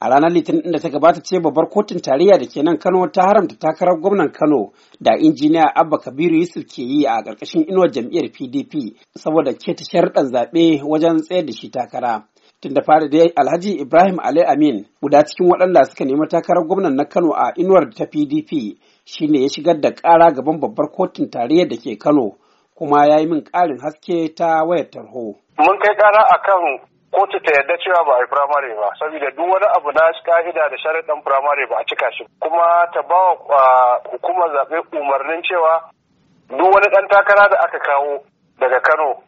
a ranar litinin da ta gabata ce babbar kotun tarayya da ke nan kano ta haramta takarar gwamnan kano da injiniya abba kabiru yusuf ke yi a ƙarƙashin inuwar jam'iyyar pdp saboda ke ta sharɗan zaɓe wajen tsayar da shi takara tun da fara dai alhaji ibrahim ali amin guda cikin waɗanda suka nemi takarar gwamnan na kano a inuwar ta pdp shine ya shigar da ƙara gaban babbar kotun tarayya da ke kano kuma ya yi min ƙarin haske ta wayar tarho. mun kai ƙara akan kotu ta yarda cewa ba a yi firamare ba saboda duk wani abu na ka'ida da sharaɗin firamare ba a cika shi kuma ta ba wa hukumar zaɓe umarnin cewa duk wani ɗan takara da aka kawo daga kano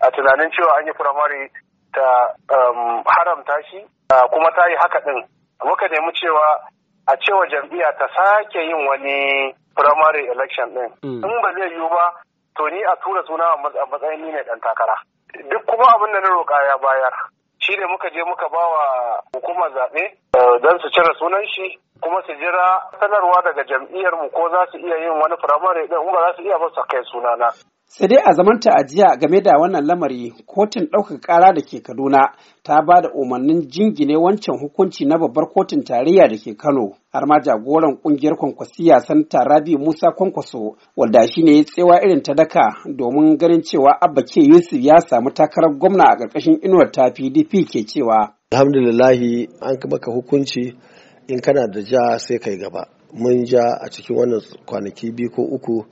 a tunanin cewa an yi firamare ta um, haramta shi kuma ta yi haka ɗin muka nemi cewa a cewa jam'iyya ta sake yin wani firamare election ɗin hmm. in ba zai yiwu ba to ni a tura suna a matsayin ni ne ɗan takara duk kuma abin da na roƙa ya bayar shi ne muka je muka ba wa hukumar zaɓe eh, don su cire sunan shi kuma su jira sanarwa daga jam'iyyar mu ko za su iya yin wani firamare ɗin ba za su iya ba su kai sunana sai dai a zaman ta ajiya game da wannan lamari kotun ɗaukar ƙara da ke kaduna ta ba da umarnin jingine wancan hukunci na babbar kotun tarayya da ke kano har ma jagoran ƙungiyar kwankwasiya Sanata rabi musa kwankwaso wanda shi ne ya tsewa irin ta daka domin ganin cewa abba ke yusuf ya samu takarar gwamna a ƙarƙashin inuwar ta pdp ke cewa Alhamdulillah an maka hukunci in kana da ja sai kai gaba mun ja a cikin wannan kwanaki biyu ko uku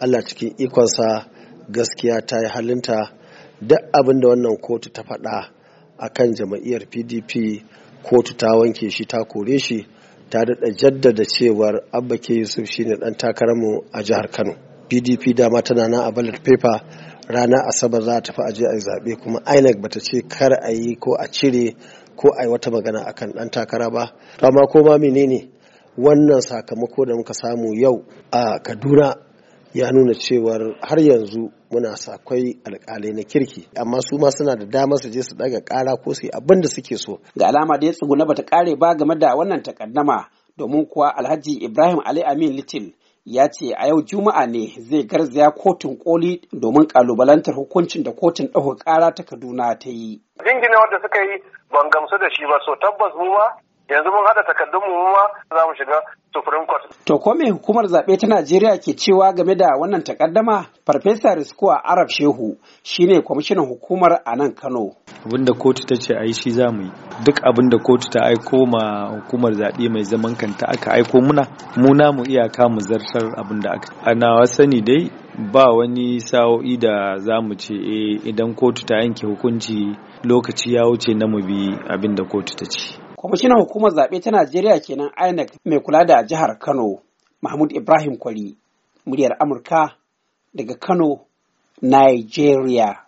Allah cikin ikonsa gaskiya ta yi halinta duk abin da wannan kotu ta faɗa a kan jama'iyyar pdp kotu ta wanke shi ta kore shi ta daɗa jaddada cewar abba ke yusuf shine ɗan takararmu a jihar kano pdp dama tana na a ballot paper ranar asabar za a tafi aje a zaɓe kuma inec bata ce kar a yi ko a cire ko a yi wata magana akan ɗan takara ba Rama ko ma menene wannan sakamako da muka samu yau a kaduna ya nuna cewar har yanzu muna sakwai alkalai na kirki amma su ma suna da damar su je su daga kara ko su yi abin da suke so ga alama da ya tsuguna bata kare ba game da wannan takaddama domin kuwa alhaji ibrahim ali amin litin ya ce a yau juma'a ne zai garzaya kotun koli domin kalubalantar hukuncin da kotun ɗaukar kara ta kaduna ta yi jingina wanda suka yi ban gamsu da shi ba so tabbas mu ma yanzu mun hada takardun mu ma za mu shiga Supreme Court. To ko me hukumar zaɓe ta Najeriya ke cewa game da wannan takaddama? Farfesa Riskuwa Arab Shehu shine kwamishinan hukumar a nan Kano. Abin da kotu ta ce ai shi za mu yi. Duk abin kotu ta aiko ma hukumar zaɓe mai zaman kanta aka aiko muna, mu mu iyaka mu zartar abin aka. Ana sani dai ba wani sa'o'i da za mu ce eh, idan kotu ta yanke hukunci lokaci ya wuce na mu bi abinda kotu ta ce. kwamishinan hukumar zaɓe ta najeriya kenan inec mai kula da jihar kano mahmud ibrahim kwari muryar amurka daga kano nigeria